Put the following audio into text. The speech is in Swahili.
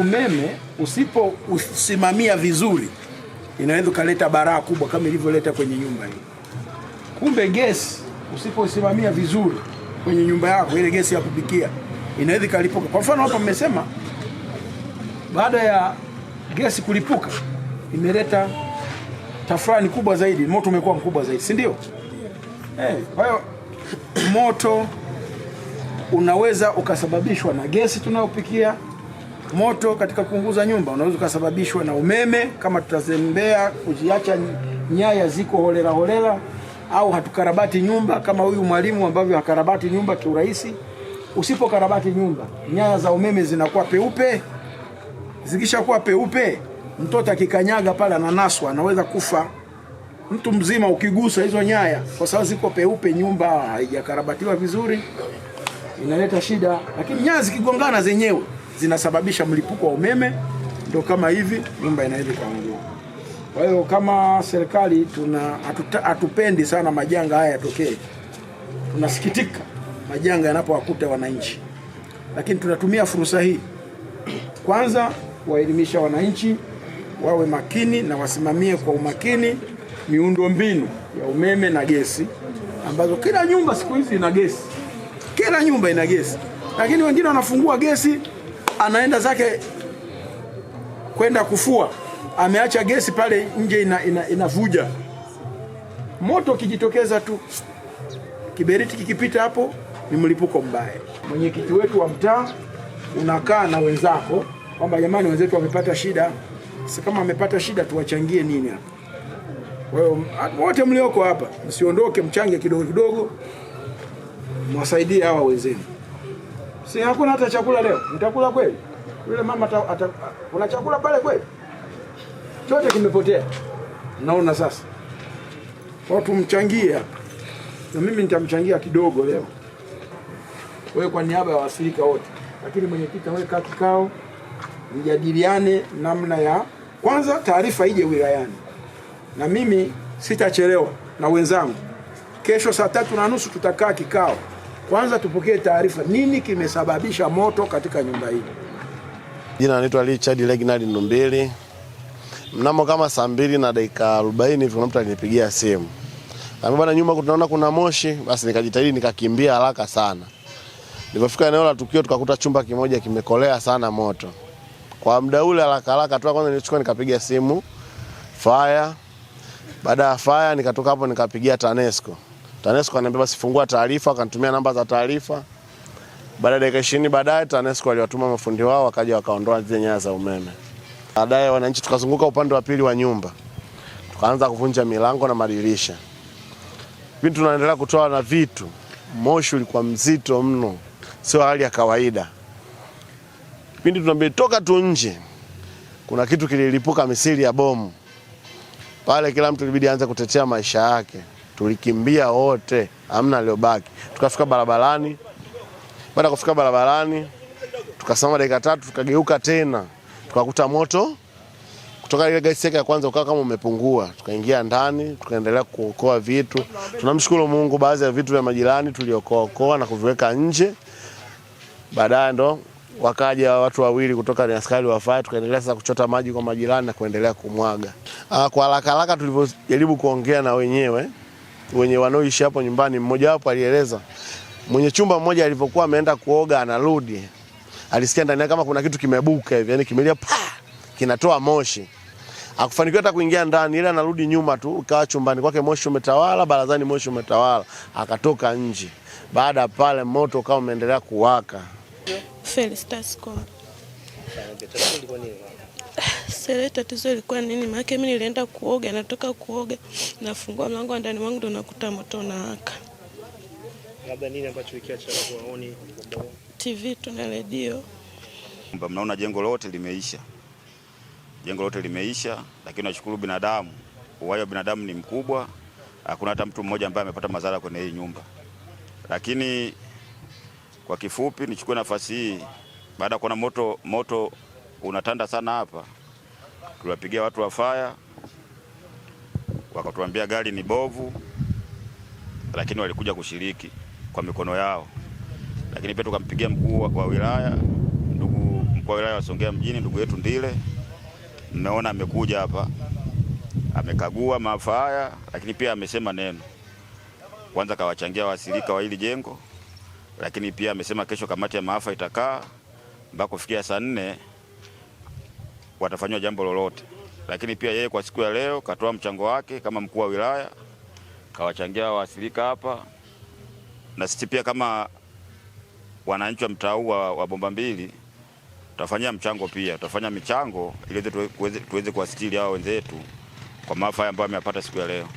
Umeme usipousimamia vizuri inaweza ukaleta baraa kubwa kama ilivyoleta kwenye nyumba hii. Kumbe gesi usiposimamia vizuri kwenye nyumba yako, ile gesi ya kupikia inaweza ikalipuka. Kwa mfano hapa mmesema baada ya gesi kulipuka imeleta tafrani kubwa zaidi, moto umekuwa mkubwa zaidi, si ndio? Hey, eh, kwa hiyo moto unaweza ukasababishwa na gesi tunayopikia Moto katika kuunguza nyumba unaweza ukasababishwa na umeme, kama tutazembea kuziacha nyaya ziko holela holela, au hatukarabati nyumba kama huyu mwalimu ambavyo hakarabati nyumba kiurahisi. Usipokarabati nyumba, nyaya za umeme zinakuwa peupe. Zikishakuwa peupe, mtoto akikanyaga pale ananaswa, anaweza kufa. Mtu mzima ukigusa hizo nyaya, kwa sababu ziko peupe, nyumba haijakarabatiwa vizuri, inaleta shida. Lakini nyaya zikigongana zenyewe zinasababisha mlipuko wa umeme, ndio kama hivi nyumba inaweza ikaungua. Kwa hiyo kama serikali tuna hatupendi sana majanga haya yatokee, tunasikitika majanga yanapowakuta wananchi, lakini tunatumia fursa hii kwanza kuwaelimisha wananchi wawe makini na wasimamie kwa umakini miundombinu ya umeme na gesi, ambazo kila nyumba siku hizi ina gesi, kila nyumba ina gesi, lakini wengine wanafungua gesi anaenda zake kwenda kufua, ameacha gesi pale nje inavuja, ina, ina moto kijitokeza tu, kiberiti kikipita hapo ni mlipuko mbaya. Mwenyekiti wetu wa mtaa unakaa na wenzako kwamba jamani, wenzetu wamepata shida. Sasa kama amepata shida tuwachangie nini hapa? Kwa hiyo wote mlioko hapa msiondoke, mchange kidogo kidogo, mwasaidie hawa wenzenu. Si hakuna hata chakula leo, nitakula kweli? Yule mama ata, ata, kuna chakula pale kweli? Chote kimepotea. Naona sasa watu tumchangie hapa, na mimi nitamchangia kidogo leo, wewe kwa niaba ya wasirika wote. Lakini mwenyekiti, wewe kaa kikao, mjadiliane namna ya kwanza, taarifa ije wilayani, na mimi sitachelewa na wenzangu. Kesho saa tatu na nusu tutakaa kikao. Kwanza tupokee taarifa, nini kimesababisha moto katika nyumba hii? Jina naitwa Richard Reginald Ndumbili. Mnamo kama saa mbili na dakika 40 hivi kuna mtu alinipigia simu bwana, nyuma tunaona kuna moshi. Basi nikajitahidi nikakimbia haraka sana. Nilipofika eneo la tukio, tukakuta chumba kimoja kimekolea sana moto. Kwa muda ule haraka haraka tu kwanza nilichukua nikapiga simu fire. Baada ya fire, nikatoka hapo nikapigia TANESCO. TANESCO ananiambia basi fungua taarifa, akanitumia namba za taarifa. Baada ya dakika 20 baadaye TANESCO aliwatuma mafundi wao wakaja wakaondoa zile nyaya za umeme. Baadaye wananchi tukazunguka upande wa pili wa nyumba. Tukaanza kuvunja milango na madirisha. Vitu tunaendelea kutoa na vitu. Moshi ulikuwa mzito mno. Sio hali ya kawaida. Pindi tunaambia toka tu nje. Kuna kitu kililipuka misili ya bomu. Pale kila mtu ilibidi aanze kutetea maisha yake tulikimbia wote, amna aliyobaki. Tukafika barabarani, baada ya kufika barabarani tukasimama dakika tatu, tukageuka tena tukakuta moto kutoka ile gesi ya kwanza ukawa kama umepungua, tukaingia ndani tukaendelea kuokoa vitu. Tunamshukuru Mungu, baadhi ya vitu vya majirani tuliokoa na kuviweka nje. Baadaye ndo wakaja watu wawili kutoka ni askari wa fire, tukaendelea sasa kuchota maji kwa majirani na kuendelea kumwaga. Ah, kwa haraka haraka tulivyojaribu kuongea na wenyewe wenye wanaoishi hapo nyumbani, mmoja wapo alieleza mwenye chumba mmoja alivyokuwa ameenda kuoga anarudi, alisikia ndani kama kuna kitu kimebuka hivi, yani kimelia pa kinatoa moshi. Akufanikiwa hata kuingia ndani, ila anarudi nyuma tu, ukawa chumbani kwake moshi umetawala, barazani moshi umetawala, akatoka nje. Baada ya pale moto ukawa umeendelea kuwaka. Felicitas sielewi tatizo ilikuwa nini, maana mimi nilienda kuoga, natoka kuoga, nafungua mlango wa ndani mwangu ndo nakuta moto unawaka. Labda nini ambacho ikiacha watu waone TV tu na redio. Mnaona jengo lote limeisha, jengo lote limeisha, lakini nashukuru binadamu, uhai wa binadamu ni mkubwa, hakuna hata mtu mmoja ambaye amepata madhara kwenye hii nyumba. Lakini kwa kifupi, nichukue nafasi hii baada ya kuona moto moto unatanda sana hapa tuliwapigia watu wa faya wakatuambia gari ni bovu, lakini walikuja kushiriki kwa mikono yao. Lakini pia tukampigia mkuu wa wilaya, ndugu mkuu wa wilaya wa Songea mjini, ndugu yetu Ndile, mmeona amekuja hapa, amekagua maafa haya, lakini pia amesema neno kwanza, kawachangia wasilika wa hili jengo, lakini pia amesema kesho kamati ya maafa itakaa mpaka kufikia saa nne watafanyiwa jambo lolote, lakini pia yeye kwa siku ya leo katoa mchango wake kama mkuu wa wilaya, kawachangia waathirika hapa na sisi pia kama wananchi wa mtaa huu wa bomba mbili tutafanyia mchango pia, tutafanya michango ili tuweze kuwasitiri hao wenzetu kwa maafa ambayo ameyapata siku ya leo.